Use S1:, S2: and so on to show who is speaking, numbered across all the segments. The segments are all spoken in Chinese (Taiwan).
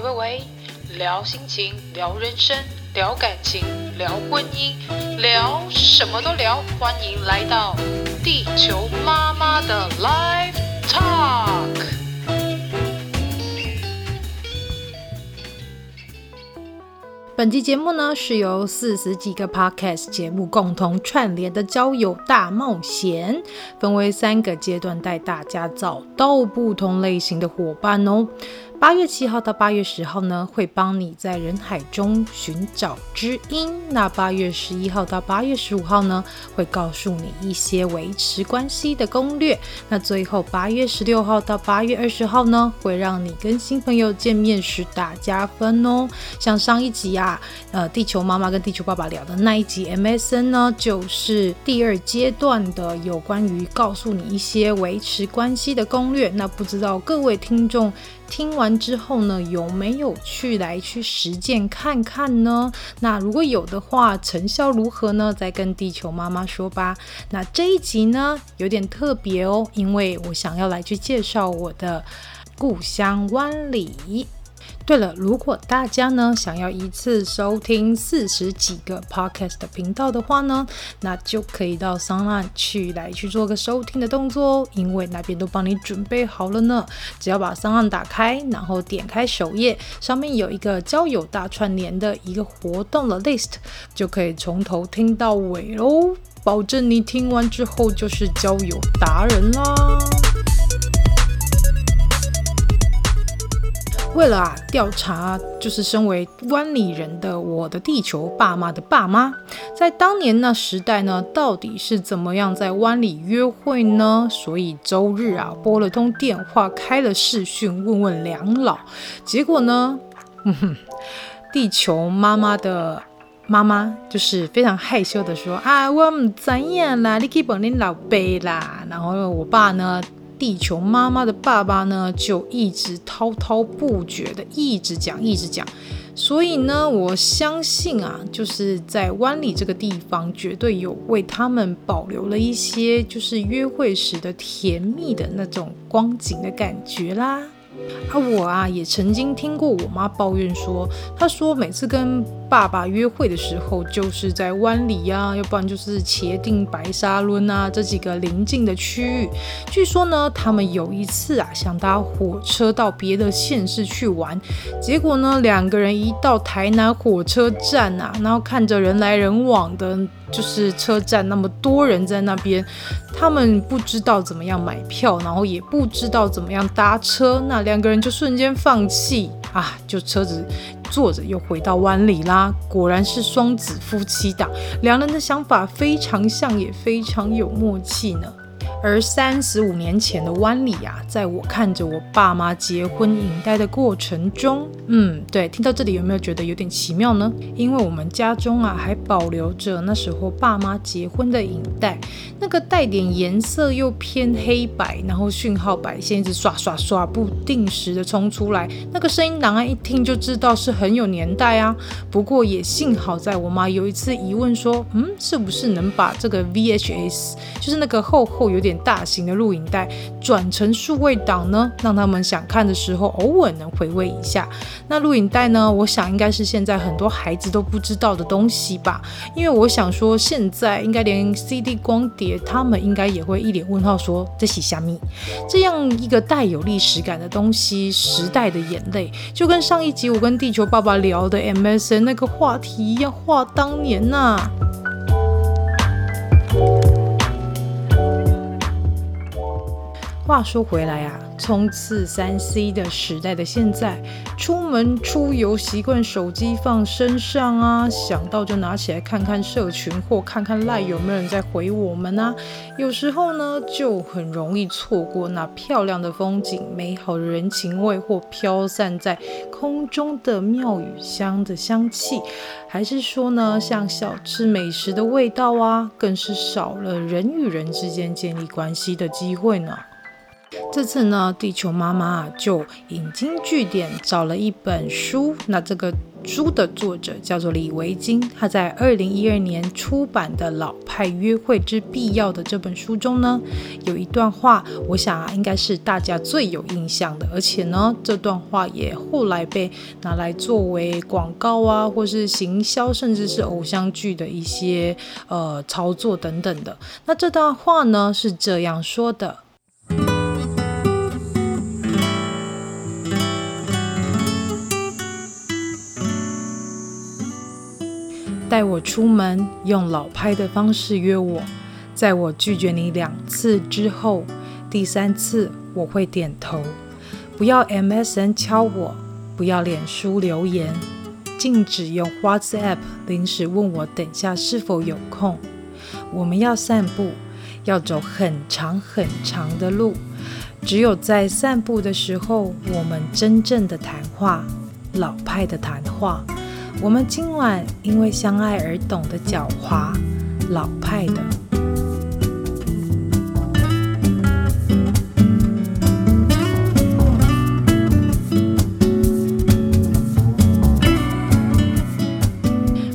S1: 喂喂，聊心情，聊人生，聊感情，聊婚姻，聊什麼都聊。歡迎來到地球媽媽的 Life Talk。本期節目呢，是由四十幾個 Podcast 節目共同串聯的交友大冒險，分為三個階段，帶大家找到不同類型的夥伴哦。八月七號到八月十號呢，會幫你在人海中尋找知音。那八月十一號到八月十五號呢，會告訴你一些維持關係的攻略。那最後八月十六號到八月二十號呢，會讓你跟新朋友見面時打加分哦。像上一集啊，呃，地球媽媽跟地球爸爸聊的那一集 MSN 呢，就是第二階段的有關於告訴你一些維持關係的攻略。那不知道各位聽眾聽完之後呢，有沒有去來去實踐看看呢？那如果有的話，成效如何呢？再跟地球媽媽說吧。那這一集呢，有點特別哦，因為我想要來去介紹我的故鄉灣裡。對了，如果大家呢想要一次收聽四十幾個 podcast 的頻道的話呢，那就可以到 SoundOn 去來去做個收聽的動作哦，因為那邊都幫你準備好了呢。只要把 SoundOn 打開，然後點開首頁，上面有一個交友大串聯的一個活動的 list，就可以從頭聽到尾嘍，保證你聽完之後就是交友達人啦。為了啊調查，就是身為灣裡人的我的地球爸媽的爸媽，在當年那時代呢，到底是怎麼樣在灣裡約會呢？所以周日啊撥了通電話，開了視訊，問問兩老。結果呢，嗯、地球媽媽的媽媽就是非常害羞的說啊，我不知道啦，你可以幫你老爸啦。然後我爸呢？地球媽媽的爸爸呢，就一直滔滔不絕地，一直講，一直講。所以呢，我相信啊，就是在灣裡這個地方，絕對有為他們保留了一些，就是約會時的甜蜜的那種光景的感覺啦。啊，啊，我啊也曾經聽過我媽抱怨說，她說每次跟爸爸約會的時候，就是在灣裡啊，要不然就是茄萣白沙崙啊這幾個鄰近的區域。據說呢，他們有一次啊想搭火車到別的縣市去玩，結果呢兩個人一到台南火車站啊，然後看着人來人往的。就是車站那麼多人在那邊，他們不知道怎麼樣買票，然後也不知道怎麼樣搭車，那兩個人就瞬間放棄啊，就車子坐着又回到灣裡啦。果然是雙子夫妻檔，兩人的想法非常像，也非常有默契呢。而三十五年前的灣裡啊，在我看着我爸媽結婚影帶的過程中，嗯，對，聽到這裡有沒有覺得有點奇妙呢？因為我們家中啊還保留着那時候爸媽結婚的影帶，那個帶點顏色又偏黑白，然後訊號白線一直刷刷刷，不定時的衝出來，那個聲音檔案一聽就知道是很有年代啊。不過也幸好在我媽有一次疑問說，嗯，是不是能把這個 VHS，就是那個厚厚。有點大型的錄影帶轉成數位檔呢，讓他們想看的時候偶爾能回味一下。那錄影帶呢？我想應該是現在很多孩子都不知道的東西吧，因為我想說現在應該連 CD 光碟他們應該也會一臉問號說，這是蝦米？這樣一個帶有歷史感的東西，時代的眼淚，就跟上一集我跟地球爸爸聊的 MSN 那個話題一樣，話當年吶、啊。話說回來啊，充斥 3C 的時代的現在，出門出遊習慣手機放身上啊，想到就拿起來看看社群或看看 Line 有沒有人在回我們啊。有時候呢，就很容易錯過那漂亮的風景、美好的人情味，或飄散在空中的廟宇香的香氣。還是說呢，像小吃美食的味道啊，更是少了人與人之間建立關係的機會呢？這次呢，地球媽媽啊，就引經據典找了一本書。那這個書的作者叫做李維菁，他在二零一二年出版的《老派約會之必要》的這本書中呢，有一段話，我想啊，應該是大家最有印象的。而且呢，這段話也後來被拿來作為廣告啊，或是行銷，甚至是偶像劇的一些呃操作等等的。那這段話呢，是這樣說的。帶我出門，用老派的方式約我。在我拒絕你兩次之後，第三次我會點頭。不要 MSN 敲我，不要臉書留言，禁止用 WhatsApp 臨時問我等下是否有空。我們要散步，要走很長很長的路。只有在散步的時候，我們真正的談話，老派的談話。我們今晚因為相愛而懂得狡猾，老派的。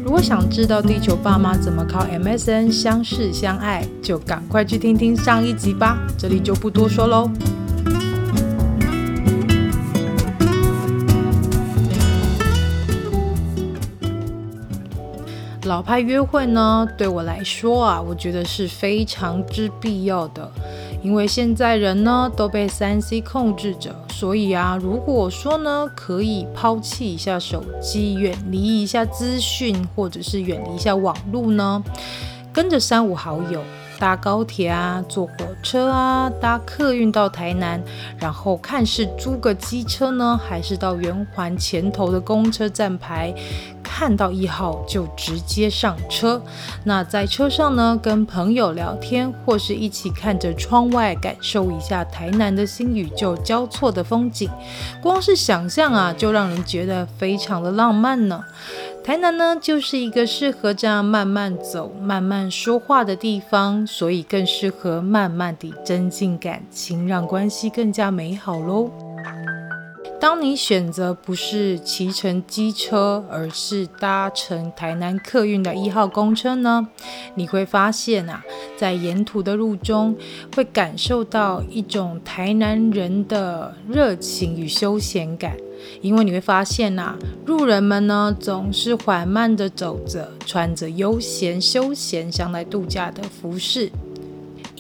S1: 如果想知道地球爸媽怎麼靠 MSN 相識相愛，就趕快去聽聽上一集吧，這裡就不多說嘍。老派約會呢，對我來說啊，我覺得是非常之必要的，因為現在人呢都被三 C 控制着，所以啊，如果說呢，可以拋棄一下手機，遠離一下資訊，或者是遠離一下網絡呢，跟着三五好友搭高鐵啊，坐火車啊，搭客運到台南，然後看是租個機車呢，還是到圓環前頭的公車站牌。看到一號就直接上車。那在車上呢，跟朋友聊天，或是一起看着窗外，感受一下台南的新與舊交錯的風景。光是想象啊，就讓人覺得非常的浪漫呢。台南呢，就是一個適合這樣慢慢走、慢慢說話的地方，所以更適合慢慢地增進感情，讓關係更加美好嘍。當你選擇不是騎乘機車，而是搭乘台南客運的一號公車呢，你會發現啊，在沿途的路中，會感受到一種台南人的熱情與休閒感，因為你會發現啊，路人們呢總是緩慢地走着，穿着悠閒、休閒、想來度假的服飾。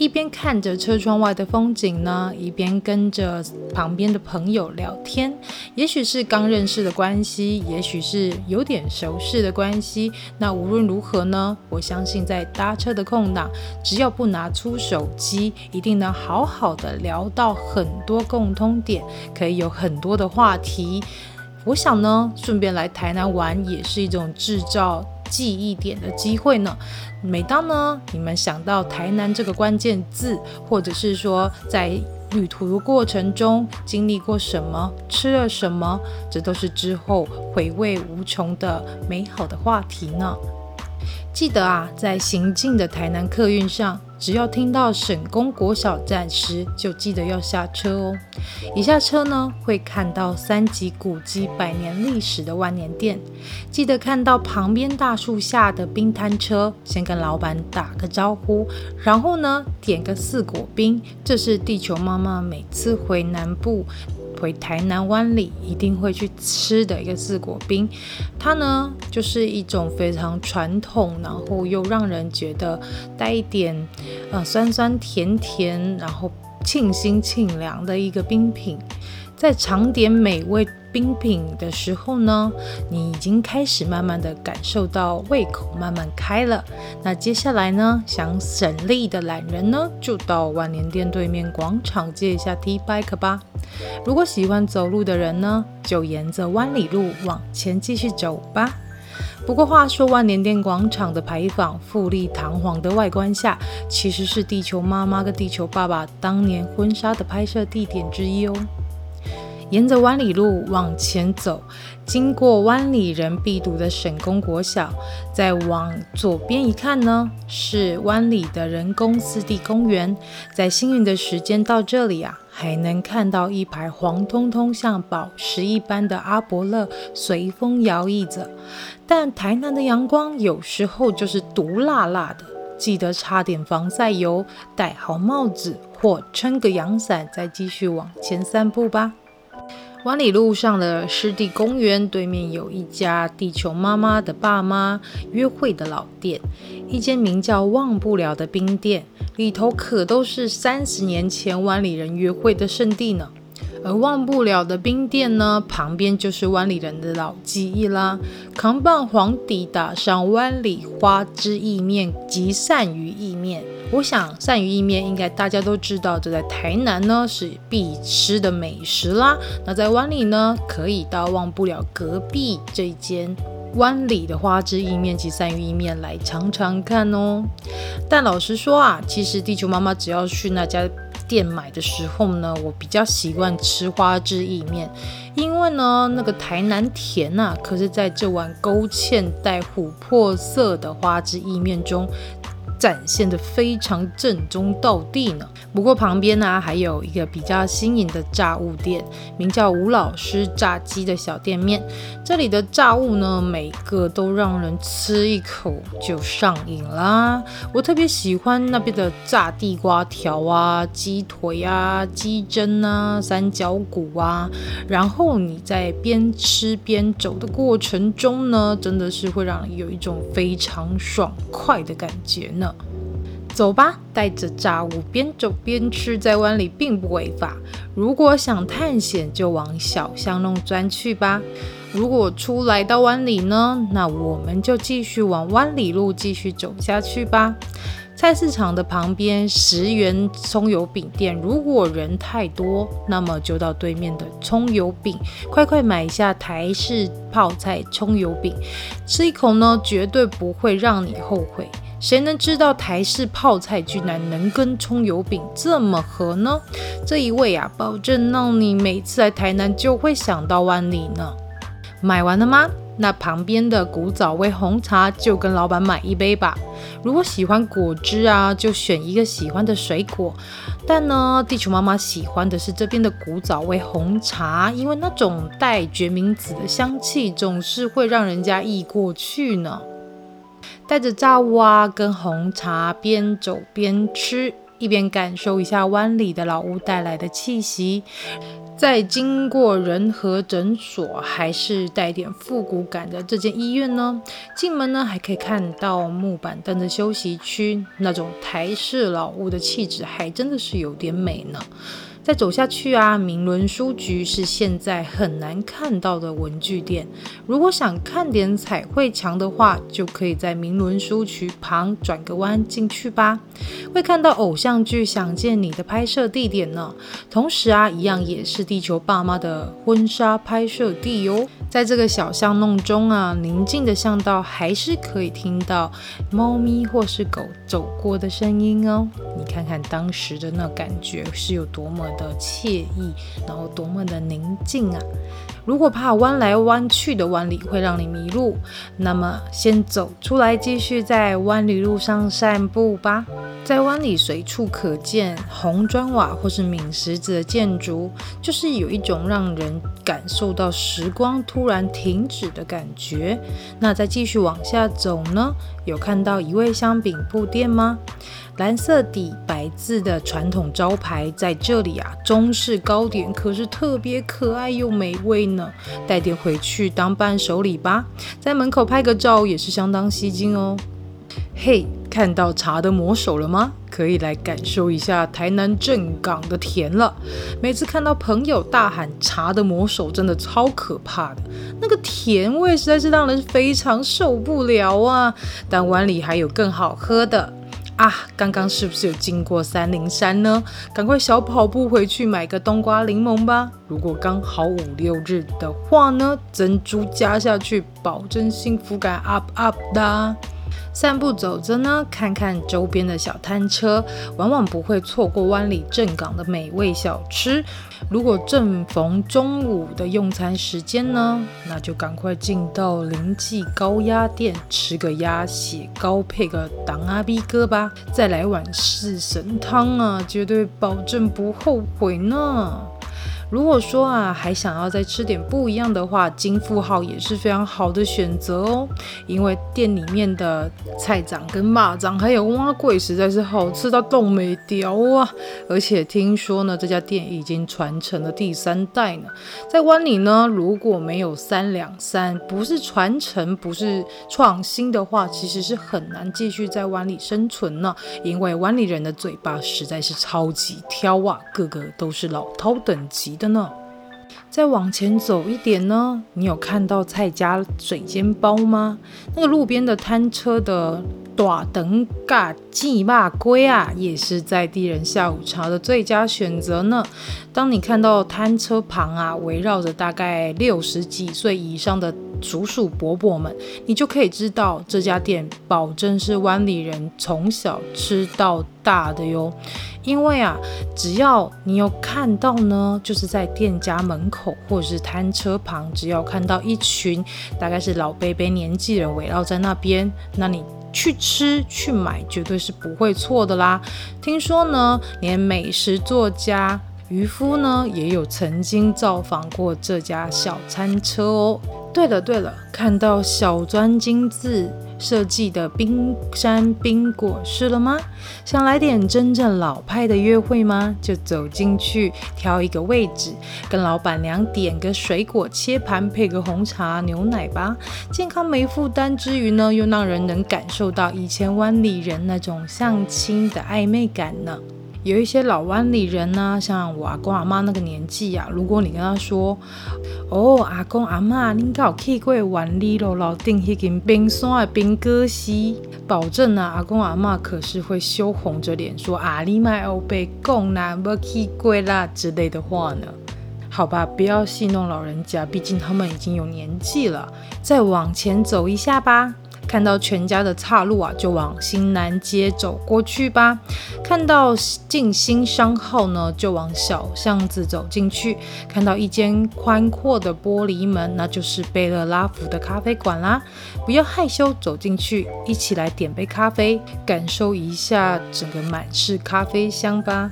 S1: 一邊看着車窗外的風景呢，一邊跟着旁邊的朋友聊天。也許是剛認識的關係，也許是有點熟識的關係。那無論如何呢，我相信在搭車的空檔，只要不拿出手機，一定能好好的聊到很多共通點，可以有很多的話題。我想呢，順便來台南玩也是一種製造記憶點的機會呢。每當呢，你們想到台南這個關鍵字，或者是說在旅途過程中經歷過什麼，吃了什麼，這都是之後回味無窮的美好的話題呢。記得啊，在行進的台南客運上，只要聽到省躬國小站時，就記得要下車哦。一下車呢，會看到三級古蹟、百年歷史的萬年殿。記得看到旁邊大樹下的冰攤車，先跟老闆打個招呼，然後呢，點個四果冰。這是地球媽媽每次回南部。回台南灣裡一定會去吃的一個四果冰，它呢就是一種非常傳統，然後又讓人覺得帶一點呃酸酸甜甜，然後沁心沁涼的一個冰品。在嘗點美味冰品的時候呢，你已經開始慢慢的感受到胃口慢慢開了。那接下來呢，想省力的懶人呢，就到萬年殿對面廣場借一下 T Bike 吧。如果喜歡走路的人呢，就沿着灣裡路往前繼續走吧。不過話說，萬年殿廣場的牌坊富麗堂皇的外觀下，其實是地球媽媽跟地球爸爸當年婚紗的拍攝地點之一哦。沿着灣裡路往前走，經過灣裡人必讀的省躬國小，再往左邊一看呢，是灣裡的人工濕地公園。在幸運的時間到這裡啊，還能看到一排黃通通像寶石一般的阿勃勒隨風搖曳着。但台南的陽光有時候就是毒辣辣的，記得擦點防曬油，戴好帽子或撐個陽傘，再繼續往前散步吧。灣里路上的濕地公園對面有一家地球媽媽的爸媽約會的老店，一間名叫忘不了的冰店，裡頭可都是三十年前灣里人約會的聖地呢。而忘不了的冰店呢，旁邊就是灣里人的老記憶啦，扛棒黃底打上灣里花枝意麵，及鱔魚意麵。我想鱔魚意麵應該大家都知道，這在台南呢是必吃的美食啦。那在灣裡呢，可以到忘不了隔壁這間灣裡的花枝意麵及鱔魚意麵來嚐嚐看哦。但老實說啊，其實地球媽媽只要去那家店買的時候呢，我比較習慣吃花枝意麵，因為呢那個台南甜啊，可是在這碗勾芡帶琥珀色的花枝意麵中，展現的非常正宗道地呢。不過旁邊呢、啊、還有一個比較新穎的炸物店，名叫吳老師炸雞的小店面。這裡的炸物呢，每個都讓人吃一口就上癮啦。我特別喜歡那邊的炸地瓜條啊、雞腿啊、雞胗啊、三角骨啊。然後你在邊吃邊走的過程中呢，真的是會讓你有一種非常爽快的感覺呢。走吧，帶着炸物邊走邊吃，在灣裡並不違法。如果想探險，就往小巷弄鑽去吧。如果出來到灣裡呢，那我們就繼續往灣裡路繼續走下去吧。菜市場的旁邊十元蔥油餅店，如果人太多，那麼就到對面的蔥油餅，快快買一下台式泡菜蔥油餅，吃一口呢，絕對不會讓你後悔。誰能知道台式泡菜居然能跟蔥油餅這麼合呢？這一味啊，保證讓你每次來台南就會想到灣裡呢。買完了嗎？那旁邊的古早味紅茶就跟老闆買一杯吧。如果喜歡果汁啊，就選一個喜歡的水果。但呢，地球媽媽喜歡的是這邊的古早味紅茶，因為那種帶決明子的香氣總是會讓人家憶過去呢。帶着炸物，啊、跟紅茶，邊走邊吃，一邊感受一下灣裡的老屋帶來的氣息。再經過仁和診所，還是帶點復古感的這間醫院呢。進門呢，還可以看到木板凳的休息區，那種台式老屋的氣質，還真的是有點美呢。再走下去啊，明倫書局是現在很難看到的文具店。如果想看點彩繪牆的話，就可以在明倫書局旁轉個彎進去吧，會看到偶像劇《想見你》的拍攝地點呢。同時啊，一樣也是地球爸媽的婚紗拍攝地哦。在這個小巷弄中啊，寧靜的巷道還是可以聽到貓咪或是狗走過的聲音哦。你看看當時的那感覺是有多麼。的愜意，然後多麼的寧靜啊！如果怕彎來彎去的灣裡會讓你迷路，那麼先走出來，繼續在灣裡路上散步吧。在灣裡隨處可見紅磚瓦或是抿石子的建築，就是有一種讓人感受到時光突然停止的感覺。那再繼續往下走呢？有看到一味香餅鋪店嗎？藍色底白字的傳統招牌在這裡啊，中式糕點可是特別可愛又美味呢，帶點回去當伴手禮吧。在門口拍個照也是相當吸睛哦。嘿，hey, 看到茶的魔手了嗎？可以來感受一下台南正港的甜了。每次看到朋友大喊茶的魔手，真的超可怕的，那個甜味實在是讓人非常受不了啊！但灣裡還有更好喝的啊！剛剛是不是有經過303呢？趕快小跑步回去買個冬瓜檸檬吧。如果剛好五六日的話呢，珍珠加下去，保證幸福感 up up 噠、啊。散步走着呢，看看周邊的小攤車，往往不會錯過灣裡正港的美味小吃。如果正逢中午的用餐時間呢，那就趕快進到林記糕鴨店吃個鴨血糕配個黨阿逼哥吧，再來碗四神湯啊，絕對保證不後悔呢。如果說啊，還想要再吃點不一樣的話，金富號也是非常好的選擇哦。因為店裡面的菜掌跟螞掌還有碗粿實在是好吃到動沒掉啊！而且聽說呢，這家店已經傳承了第三代呢。在灣裡呢，如果沒有三兩三，不是傳承不是創新的話，其實是很難繼續在灣裡生存呢。因為灣裡人的嘴巴實在是超級挑啊，個個都是老頭等級的。真的，再往前走一點呢，你有看到蔡家水煎包嗎？那個路邊的攤車的爪等咖雞辣龜啊，也是在地人下午茶的最佳選擇呢。當你看到攤車旁啊，圍繞着大概六十幾歲以上的，叔叔伯伯們，你就可以知道這家店保證是灣裡人從小吃到大的喲。因為啊，只要你有看到呢，就是在店家門口或者是攤車旁，只要看到一群大概是老輩輩年紀人圍繞在那邊，那你去吃去買絕對是不會錯的啦。聽說呢，連美食作家漁夫呢也有曾經造訪過這家小餐車哦。對了對了，看到小鑽金字設計的冰山冰果室了嗎？想來點真正老派的約會嗎？就走進去挑一個位置，跟老闆娘點個水果切盤，配個紅茶牛奶吧。健康沒負擔之餘呢，又讓人能感受到以前灣裡人那種相親的曖昧感呢。有一些老灣里人吶，像我阿公阿嬤那個年紀啊，如果你跟他說，哦，阿公阿嬤，恁敢有去過灣里咯，老，老頂迄間冰山的冰哥西，保證啊，阿公阿嬤可是會羞紅着臉說，阿、啊、你買歐被公沒有去過啦之類的話呢。好吧，不要戲弄老人家，畢竟他們已經有年紀了。再往前走一下吧。看到全家的岔路啊，就往新南街走過去吧。看到靜心商號呢，就往小巷子走進去。看到一間寬闊的玻璃門，那就是貝勒拉福的咖啡館啦。不要害羞，走進去，一起來點杯咖啡，感受一下整個滿是咖啡香吧。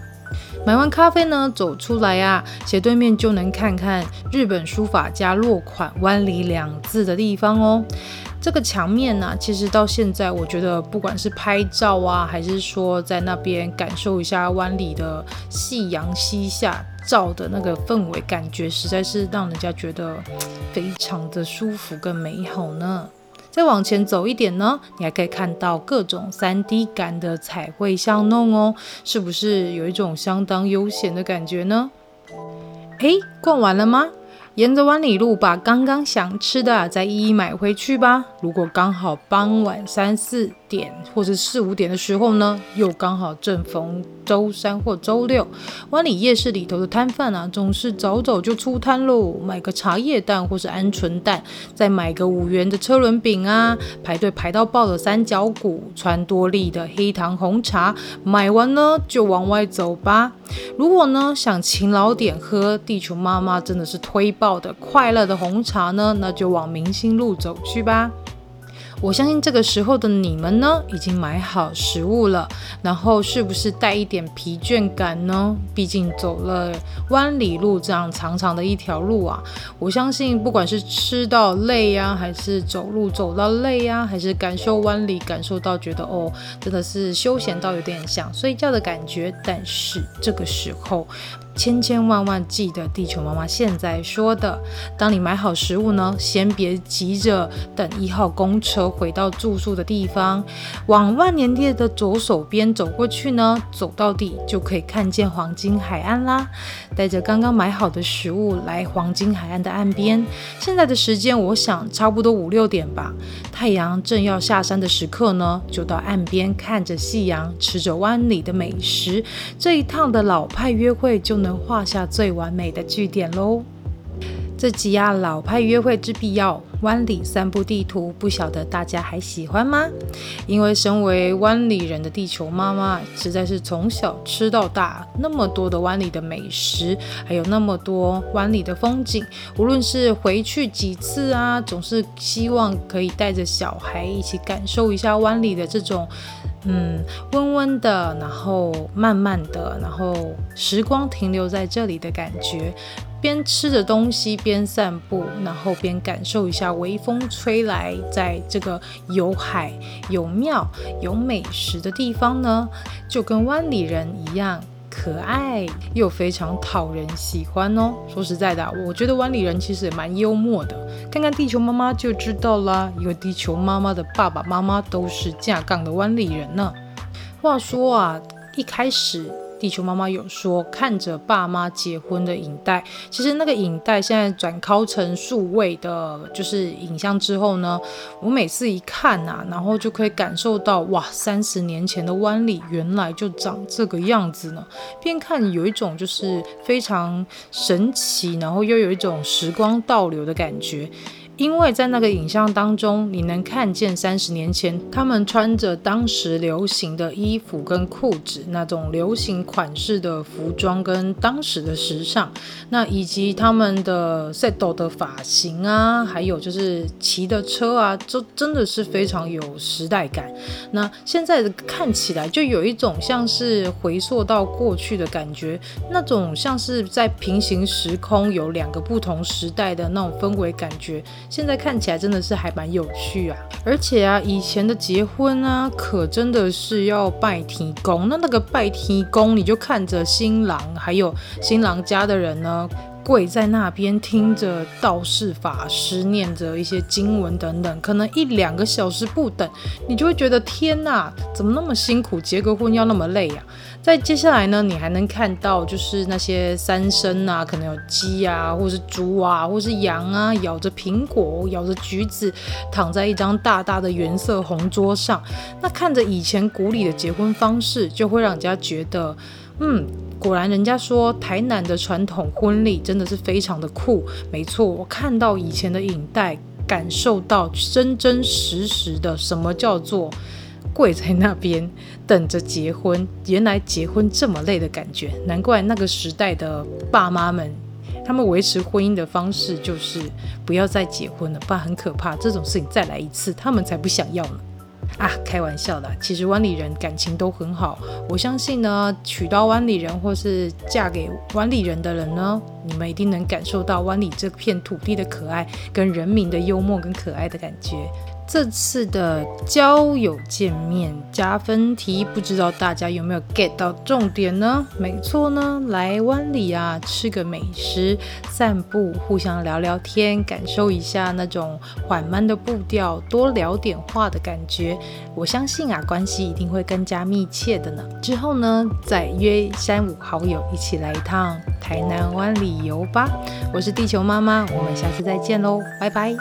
S1: 買完咖啡呢，走出來啊，斜對面就能看看日本書法家落款“灣裡”兩字的地方哦。這個牆面呢、啊，其實到現在，我覺得不管是拍照啊，還是說在那邊感受一下灣裡的夕陽西下照的那個氛圍，感覺實在是讓人家覺得非常的舒服跟美好呢。再往前走一點呢，你還可以看到各種 3D 感的彩繪巷弄哦，是不是有一種相當悠閒的感覺呢？誒，逛完了嗎？沿着灣裡路，把剛剛想吃的、啊、再一一買回去吧。如果剛好傍晚三四點或者四五點的時候呢，又剛好正逢週三或週六，灣裡夜市裡頭的攤販啊，總是早早就出攤嘍，買個茶葉蛋或是鵪鶉蛋，再買個五元的車輪餅啊，排隊排到爆的三角骨，穿多利的黑糖紅茶，買完呢就往外走吧。如果呢想勤勞點喝地球媽媽真的是推爆的快樂的紅茶呢，那就往明星路走去吧。我相信這個時候的你們呢，已經買好食物了，然後是不是帶一點疲倦感呢？畢竟走了灣裡路這樣長長的一條路啊！我相信不管是吃到累呀、啊，還是走路走到累呀、啊，還是感受灣裡感受到覺得哦，真的是休閒到有點想睡覺的感覺。但是這個時候，千千萬萬記得地球媽媽現在說的：當你買好食物呢，先別急着等一號公車回到住宿的地方，往萬年殿的左手邊走過去呢，走到底就可以看見黃金海岸啦。帶着剛剛買好的食物來黃金海岸的岸邊。現在的時間，我想差不多五六點吧。太陽正要下山的時刻呢，就到岸邊看着夕陽，吃着灣裡的美食。這一趟的老派約會就能畫下最完美的句點嘍。這集啊，老派約會之必要，灣裡散步地圖，不曉得大家還喜歡嗎？因為身為灣裡人的地球媽媽，實在是從小吃到大，那麼多的灣裡的美食，還有那麼多灣裡的風景，無論是回去幾次啊，總是希望可以帶着小孩一起感受一下灣裡的這種，嗯，溫溫的，然後慢慢的，然後時光停留在這裡的感覺。邊吃着東西邊散步，然後邊感受一下微風吹來，在這個有海、有廟、有美食的地方呢，就跟灣裡人一樣可愛又非常討人喜歡哦。說實在的，我覺得灣裡人其實也蠻幽默的，看看地球媽媽就知道啦，因為地球媽媽的爸爸媽媽都是架槓的灣裡人呢。話說啊，一開始。地球媽媽有說，看着爸媽結婚的影帶，其實那個影帶現在轉拷成數位的，就是影像之後呢，我每次一看啊，然後就可以感受到哇，三十年前的灣裡原來就長這個樣子呢，邊看有一種就是非常神奇，然後又有一種時光倒流的感覺。因為在那個影像當中，你能看見三十年前他們穿着當時流行的衣服跟褲子，那種流行款式的服裝跟當時的時尚，那以及他們的 set 的髮型啊，還有就是騎的車啊，就真的是非常有時代感。那現在看起來就有一種像是回溯到過去的感覺，那種像是在平行時空有兩個不同時代的那種氛圍感覺。現在看起來真的是還蠻有趣啊，而且啊，以前的結婚啊，可真的是要拜天公。那那個拜天公，你就看着新郎還有新郎家的人呢，跪在那邊聽着道士法師念着一些經文等等，可能一兩個小時不等，你就會覺得天哪，怎麼那麼辛苦？結個婚要那麼累啊。在接下來呢，你還能看到就是那些三牲啊，可能有雞啊，或是豬啊，或是羊啊，咬着蘋果，咬着橘子，躺在一張大大的原色紅桌上，那看着以前古禮的結婚方式，就會讓人家覺得。嗯，果然人家說台南的傳統婚禮真的是非常的酷。沒錯，我看到以前的影帶，感受到真真實實的什麼叫做跪在那邊等着結婚，原來結婚這麼累的感覺。難怪那個時代的爸媽們，他們維持婚姻的方式就是不要再結婚了，不然很可怕。這種事情再來一次，他們才不想要呢。啊，開玩笑的，其實灣裡人感情都很好。我相信呢，娶到灣裡人或是嫁給灣裡人的人呢，你們一定能感受到灣裡這片土地的可愛，跟人民的幽默，跟可愛的感覺。這次的交友見面加分題，不知道大家有沒有 get 到重點呢？沒錯呢，來灣裡啊，吃個美食，散步，互相聊聊天，感受一下那種緩慢的步調，多聊點話的感覺。我相信啊，關係一定會更加密切的呢。之後呢，再約三五好友一起來一趟台南灣裡遊吧。我是地球媽媽，我們下次再見嘍，拜拜。